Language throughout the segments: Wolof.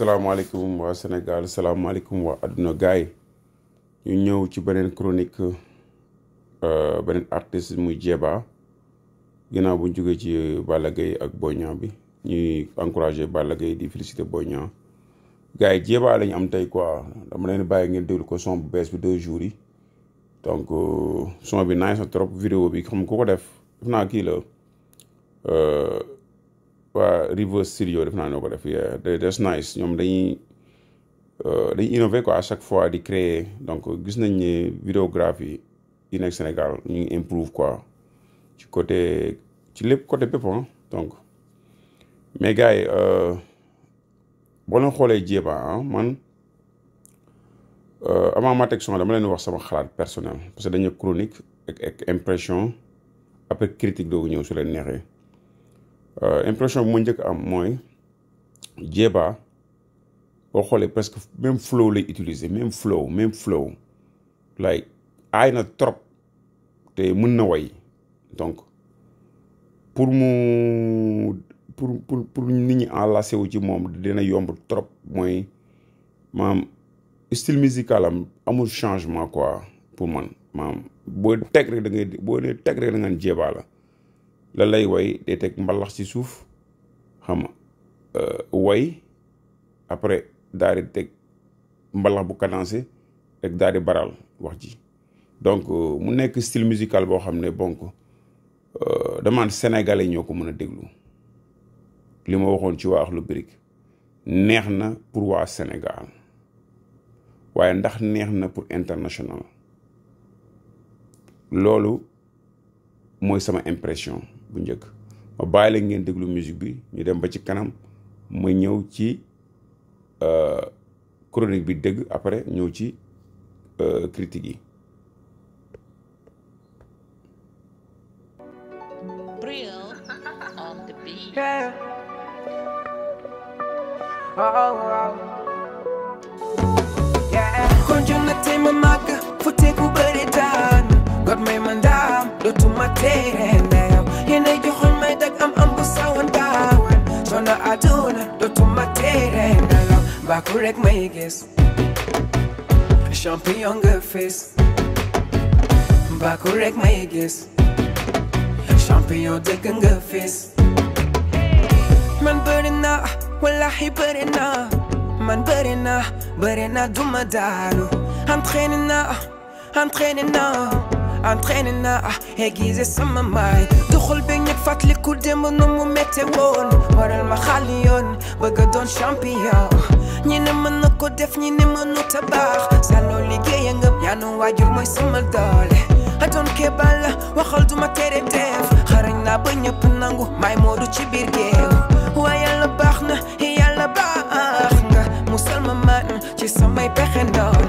salaamaaleykum waa Sénégal salaamaaleykum waa adduna gaay ñu ñëw ci beneen chronique euh, beneen artiste mu Jeeba ginnaaw bu ñu ci Balla Gaye ak Boy Niang bi ñuy encouragé Balla Gaye di félicité Boy Niang gars yi Jeeba lañu am tey quoi dama leen bàyyi ngeen déglu ko son bu bees bi deux jours yi donc euh, son bi naa na trop vidéo bi xam ku ko def def naa kii la euh, waa Reverse Studio def naa ñoo ko def that's nice ñoom dañuy uh, dañuy innover quoi à chaque fois di créer donc gis nañ ne vidéographie yi nekk Sénégal ñu ngi improve quoi ci côté ci lépp côté bépp donc mais gars yi euh, boo leen xoolee jéeba ah man euh, avant ma teg son dama leen wax sama xalaat personnel parce que dañu chronique ak impression après critique doogu ñëw su leen neexee. Euh, impression bu ma njëkk am mooy Jeeba boo xoolee que même flow lay utiliser même flow même flow lay aay na trop te mën na way donc pour mu pour pour pour nit ñi enlacé wu ci moom dina yomb trop mooy maam style musical am amul changement quoi pour man maam boo teg rek da ngay boo nee teg rek da la. la lay way day tek mbalax ci xam euh, way après mbalax bu baral wax ji donc euh, mu style musical bo xamné ne bonk euh, demande sénégalais ñoko mëna déglu li ma ci pour Sénégal waye ndax pour international lolu moy sama impression bu njëkk ma bàyyi la ngeen déglu musique bi ñu dem ba ci kanam ma ñëw ci euh, chronique bi dëgg après ñëw ci euh, critique yi yéene joxoñ may dag am am bu sawantaawan soona aduna dootuma tere nelaw mbaa ku may gis champion may gis champion man bëri na wallahi na man bëri na bëri na training daanu I'm training na I'm training now هاجيز السما معي دخل بينك فاتلي كل ديمون ومتون ورا المخاليون بقدون شامبيون نينا منو كودف نينا منو تباخ سالو لي جينغب يانو واجر موي سمال دولي أدون كبال وخلدو ما تيري ديف خرينا بنيا بنانغو ماي مودو تشبير جيو ويا لباخنا هي لباخنا مسلمان جيسا ماي بخنون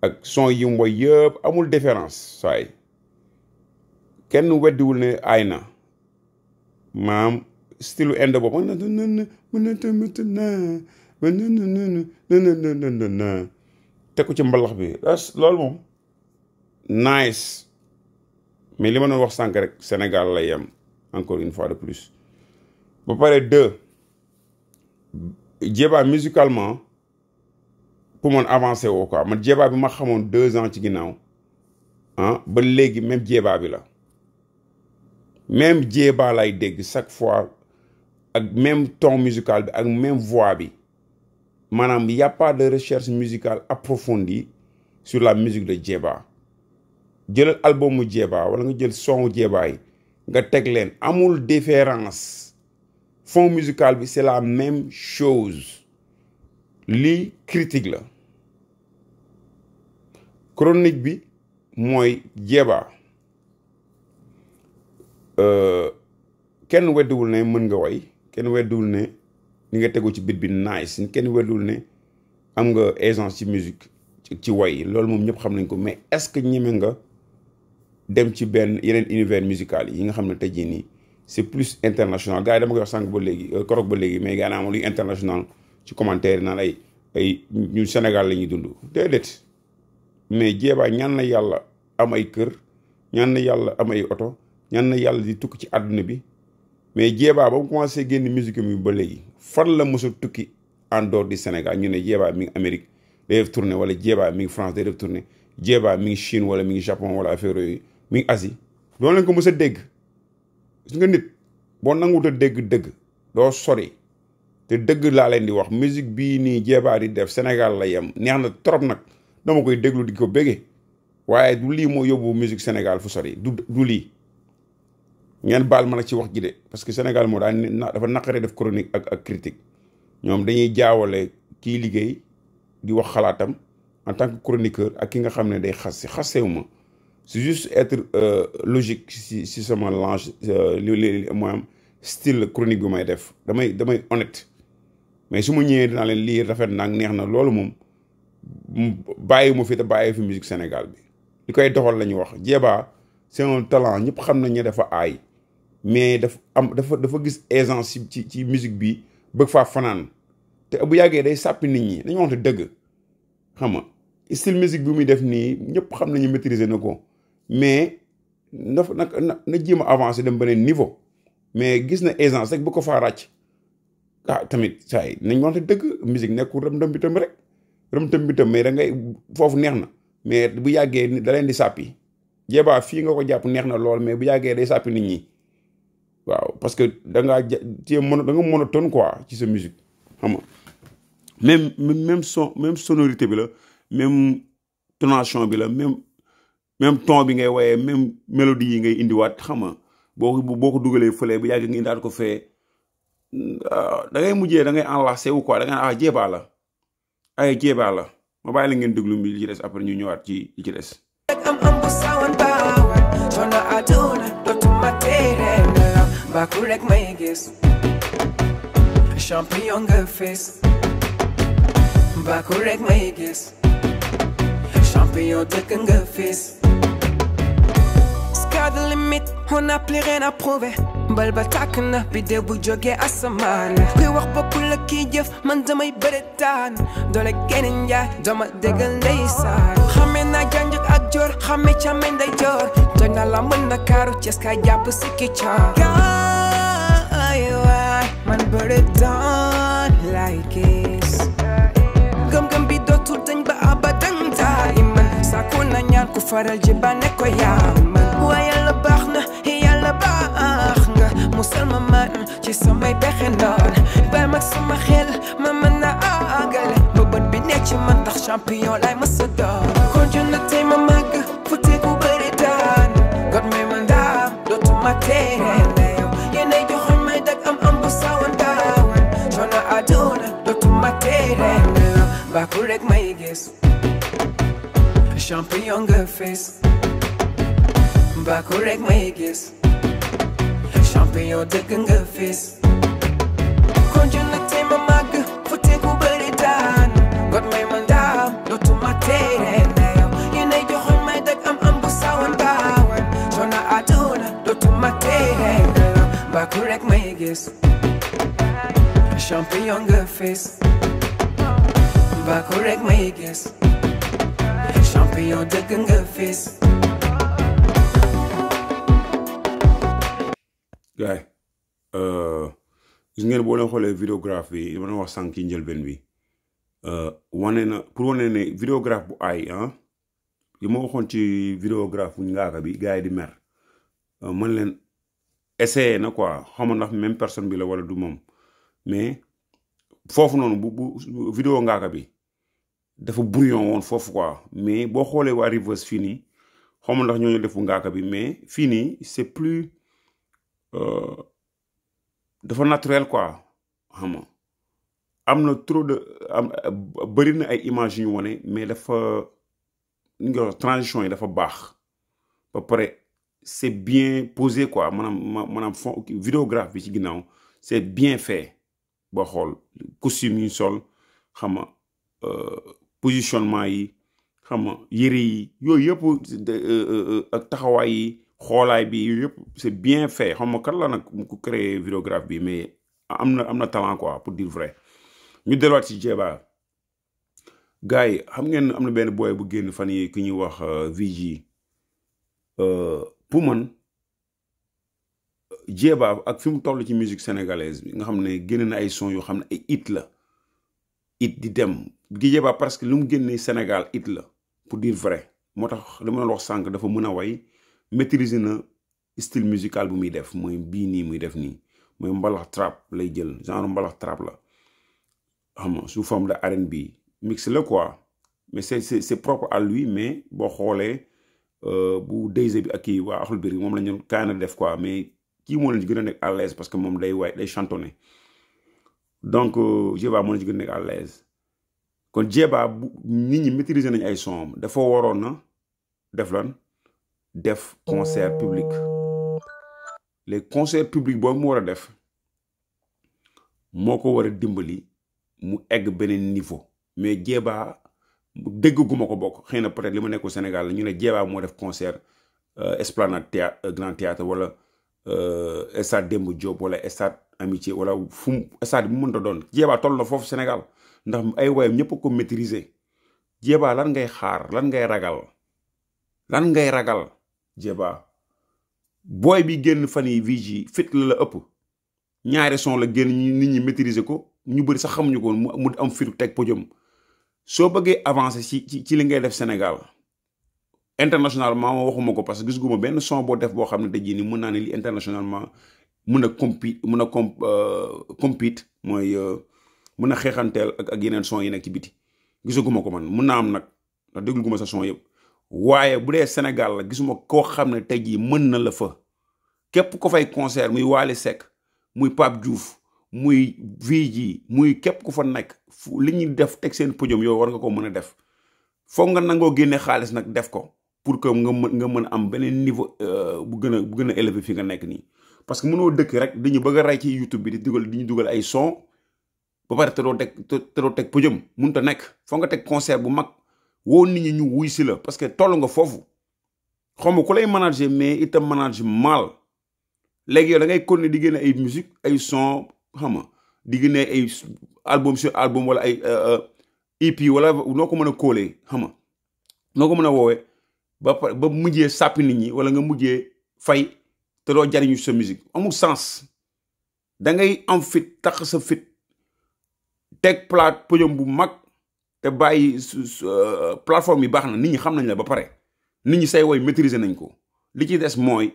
ak son yi mboy yëpp amul différence saay kenn weddiwul ne ay na maam style inde boobu mën na mën na tamit na teg ko ci mbalax bi loolu moom nice mais li ma doon wax sànq rek Sénégal lay yem encore une fois de plus ba pare deux Jeeba musicalement pour man avancer woo quoi man jeebaa bi ma xamoon deux ans ci ginnaaw ah ba léegi même jeebaa bi la même jeebaa lay dégg chaque fois ak même ton musical bi ak même voix bi maanaam y a pas de recherche musicale approfondie sur la musique de jeebaa jëlal albumu jeebaa wala nga jël sonu jeebaa yi nga teg leen amul différence fond musical bi c'est la même chose lii critique la chronique bi mooy jeebaa euh, kenn weddiwul ne mën nga woy kenn weddiwul ne ni nga tegu ci bit bi nice kenn weddiwul ne am nga aisance ci musique ci way loolu moom ñëpp xam nañ ko mais est-ce que ñeme nga dem ci benn yeneen univers musical yi nga xam ne tey jii ni c'est plus international gars yi dama koy wax sànq ba léegi euh, korok ba léegi mais gars naa moom luy international ci commentaire naan ay ay ñu Sénégal la ñuy dund déedéet mais jeebaa ñaan na yàlla am ay kër ñaan na yàlla am ay oto ñaan na yàlla di tukki ci àdduna bi mais jeebaa ba mu commencé génn musique mi ba léegi fan la mos tukki en dehors du ñu ne jeebaa mi ngi Amérique day def tournée wala jeebaa mi ngi France day def tournée jeebaa mi ngi Chine wala mi ngi Japon wala affaire yooyu mi ngi Asie doon leen ko mos a dégg gis nga nit boo nanguwut dégg dëgg doo sori té deug la leen di wax musique bi ni Jeeba di def Sénégal la yem néxna trop nak dama koy déglu di ko bége waaye du li mo yóbbu musique Sénégal fu sori du du li ñen bal ma nag ci wax ji dé parce que Sénégal mo daan dafa nakaré def chronique ak ak critique ñom dañuy jaawale ki liggéey di wax xalaatam en tant que chroniqueur ak ki nga xamné day xas xassewuma c'est juste être euh, logique si si sama langue euh, li li maanaam style chronique bu may def damay damay honnête mais su ma ñëwee dinaa leen lii rafet na neex na loolu moom bàyyi ma fi te bàyyi fi musique Sénégal bi li koy doxal la ñuy wax jeebaa c'est un talent ñëpp xam nañ ne dafa aay mais daf am dafa dafa gis aisance ci ci musique bi bëgg faa fanaan te bu yàggee day sàppi nit ñi dañu waxante dëgg xam nga style bi muy def nii ñëpp xam nañu maitriser na ko mais na na na jéem a avancer dem beneen niveau mais gis na aisance rek bu ko faa ràcc ah tamit saa yi nañ waxante dëgg musique nekkul rëm dëm bi tam rek rëm dëm bi tam mais da foofu neex na mais bu yàggee da leen di sàppi jeebaa fii nga ko jàpp neex na lool mais bu yàggee day sàppi nit ñi waaw parce que da ngaa ja mono da nga monotone quoi ci sa musique xam nga même même son même sonorité bi la même tonation bi la même même ton bi ngay woyee même mélodie yi ngay indiwaat xam nga boo ko boo ko dugalee fële bu yàggee nga indaat ko fee. Uh, da ngay mujjee da ngay enlacé wu quoi da nga ah jéebaa la ay ah, jéebaa la ma bàyyi la ngeen déglu mi li ci des après ñu ñëwaat ci li ci des baku rek may gis champion nga fees baku rek may gis champion dëkk nga fees sky the limit on a plus rien à prouver mbal ba tàkk na biddew bu jógee asamaan kuy wax bokkul ak kiy jëf man damay bëre taan doole keneen njaay dama déggal ndeysaan xamee naa janjog ak joor xamee càmmee nday joor toj na la mën na kaaru ces kaay jàpp sikki coor gaay waay man bëre daan lay gis gëm-gëm bi dootul dañ ba abadan daay man sàkku na ñaan ku faral ji ba ne ko yaa man waaye la baax na ci samay pexe ndoon bay sama ma mën agale bi ci man tax champion lay ma sa doon na tey ma màgg bëri daan got may ma ndaam teere joxoñ may dag am am bu sawan daawan teere Va rek may champion nga fees rek may Open your dick and get face Konjo na tema maga Fute kubere God may man down to my tere now You need your home my am ambo bawan Chona aduna No to my tere Bakurek may guess Champion get face Bakurek may Champion face gars euh, gis ngeen bo le xoolee vidéographe bi dama doon wax sànq ci ben bi euh woné na pour woné né vidéographe bu ay hein ah, yi mo waxon ci vidéographe bu ngaaka bi gay di mer euh, man len essayer na quoi xawma na même personne bi la wala du mom mais fofu non bu bu vidéo ngaaka bi dafa brouillon won fofu quoi mais bo xoolee wa Reverse fini nii xawma ndax def defu ngaaka bi mais fini c'est plus Euh, dafa naturel quoi xam am na trop de am na ay images yu wane mais dafa nga transition yi dafa baax ba pare c'est bien posé quoi maanaam maanaam fond vidéographe ci ginnaaw c'est bien fait boo xool costume yu sol xam nga euh, positionnement yi xam nga yëre yi yooyu yëpp euh, ak taxawaay yi xoolaay bi yëpp c'est bien fait xam ma kan la nag mu ko créé vidéographe bi mais am na am na talent quoi pour dire vrai ñu delluwaat ci Jeeba gars xam ngeen am na benn booy bu génn fan yi ki ñuy wax euh, VG euh, pour man Jeeba ak fi mu toll ci musique sénégalaise bi nga xam ne génne na ay son yoo xam ne ay hit la hit di dem gi Jeeba parce que lu mu génne Sénégal hit la pour dire vrai moo tax li ma wax sànq dafa mën a way maîtriser le style musical bu je def mooy bii Je je def nii mbalax trap lay genre mbalax trap sous forme de R&B mix le quoi mais c'est propre à lui mais si vous euh, bu bi ak quoi mais qui est à l'aise parce que je suis chantonné donc euh, je vais à l'aise Quand je maîtriser nañ def concert public les concert public mo wara def dimbali mu egg niveau mais djeba bok peut-être au Sénégal ñu def concert euh, esplanade euh, grand théâtre wala euh, stade que Job wala stade amitié wala fu stade mu na Sénégal ndax ay ko maîtriser lan ngay xaar lan ngay ragal lan ngay ragal Jeeba boy bi génn fani yi vigi fit la la ëpp ñaari son la génn nit ñi maîtriser ko ñu bari sax xamuñu ko mu am fitu tek podium so bëggee avancer ci ci ci li ngay def Sénégal internationalement ma waxuma ko parce que gis guma benn son boo def boo xam ne tey ni nii naa ne li internationalement mun a compi mun a comp euh, compete mooy euh, mun a xeexanteel ak ak yeneen son yi nekk ci biti gisaguma ko man mun naa am nag ndax déglu guma sa son yëpp waaye bu dee Sénégal la gisuma koo xam ne tey jii mën na la fa képp ko fay concert muy Waly Seck muy Pape juuf muy Vigi muy képp ku fa nekk li ñuy def teg seen podium yow war nga ko mën a def foog nga nangoo génne xaalis nag def ko pour que nga mën nga mën am beneen niveau euh, bu gën a bu gën a élevé nga nekk nii parce que mënoo dëkk rek dañu bëgg a rey ci YouTube bi di dugal di ñu dugal ay son ba pare te doo teg te doo teg podium mënut a nekk foo nga teg concert bu mag woo nit ñi ñu wuy si la parce que toll nga foofu xaw ma ku lay manager mais itam manage mal léegi yow da ngay continuer di génne ay musique ay son xam nga di génne ay album sur album wala ay EP euh, euh, e wala noo ko mën a koolee xam nga noo ko mën a woowee ba ba mujjee sàppi nit ñi wala nga mujjee fay te doo jariñu sa musique amul sens da ngay am fit tax sa fit teg plat podium bu mag te bàyyi su euh, plateforme yi baax na nit ñi xam nañ la ba pare nit ñi say woy maîtriser nañ ko li ci des mooy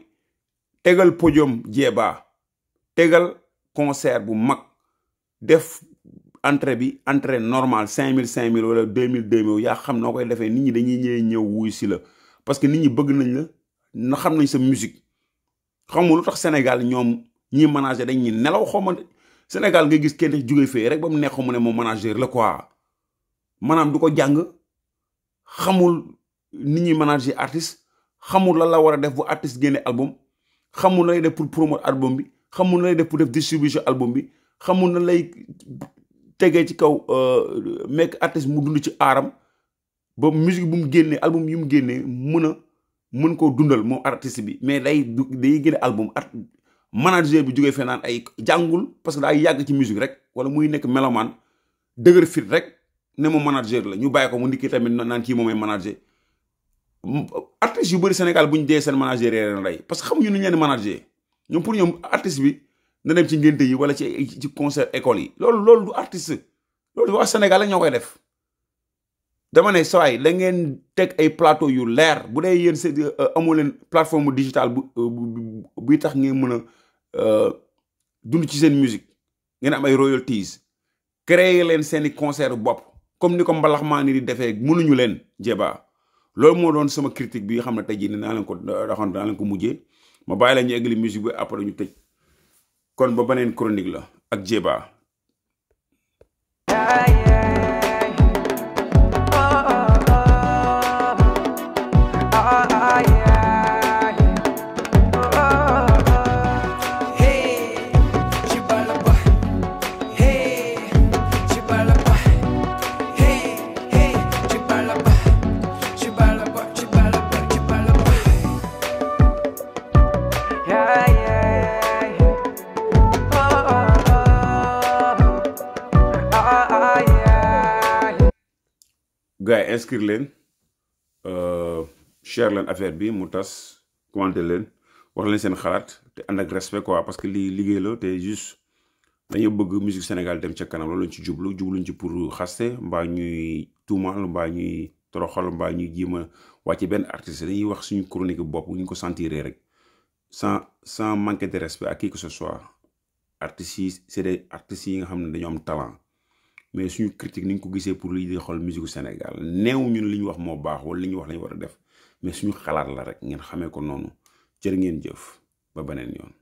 tegal podium jeebaa tegal concert bu mag def entrée bi entrée normale cinq mille cinq mille wala deux mille deux mille yaa xam noo koy defee nit ñi dañuy ñëwee ñëw wuy si la parce que nit ñi bëgg nañ la na xam nañ sa musique xamul lu tax Sénégal ñoom ñi manager dañ ñi nelaw xaw ma Sénégal nga gis kenn jóge fee rek ba mu nekk mu ne moom manager la quoi maanaam du ko jàng xamul nit ñuy manager artiste xamul lan la war a def bu artiste génne album xamul na lay def pour promouvoir album bi xamul lay def pour def distribution album bi xamul na lay tegee ci kaw mekk euh, artiste mu dund ci aaram ba musique bu mu génnee album yi mu génnee mën a mën koo dundal moom artiste bi mais day day génne album art manager bi jógee fee naan ay jàngul parce que daa yàgg ci musique rek wala muy nekk melomaan dëgër fit rek ne ma manager la ñu bàyyi ko mu ndikki tamit naan kii moomay manager artistes yu bëri Sénégal bu ñu dee seen manager yee rey parce que xamuñu nu ñu leen manager ñoom pour ñu artiste bi na dem ci ngénte yi wala ci ci concert école yi loolu loolu du artiste loolu waa Sénégal la ñoo koy def dama ne sawaay da ngeen teg ay plateau yu leer bu dee yéen seen euh, amoo leen plateforme digitale euh, bu buy tax ngeen mën a euh, dund ci seen musique ngeen am ay royalties créer leen seeni concert bopp comme ni ko mbalax maa ni di defee mënuñu leen jeeba loolu moo doon sama critique bi nga xam ne tey jii ne naa leen ko raxoon naa leen ko mujjee ma bàyyi la ñu eggali musique bi après ñu tëj kon ba beneen chronique la ak jeeba inscrire len euh cher len affaire bi mu tass commenter len wax len sen xalat té and ak respect quoi parce que li ligué lo té juste dañu bëgg musique Sénégal dem ci kanam loolu lañ ci djublu djublu ci pour xasté mbaa ñuy tuumaal mbaa ñuy toroxal mbaa ñuy jéem a ben artiste dañuy wax suñu chronique bop ñu ko sentiree rek sans sans manquer de respect à qui que ce soit artistes c'est des artistes yi nga xamné dañu am talent mais suñu critique ni ñu ko gisee pour li di xol musique Sénégal new ñu li ñu wax moo baax wala li ñu wax lañu war a def mais suñu xalaat la rek ngeen xamee ko noonu jërë ngeen jëf ba beneen yoon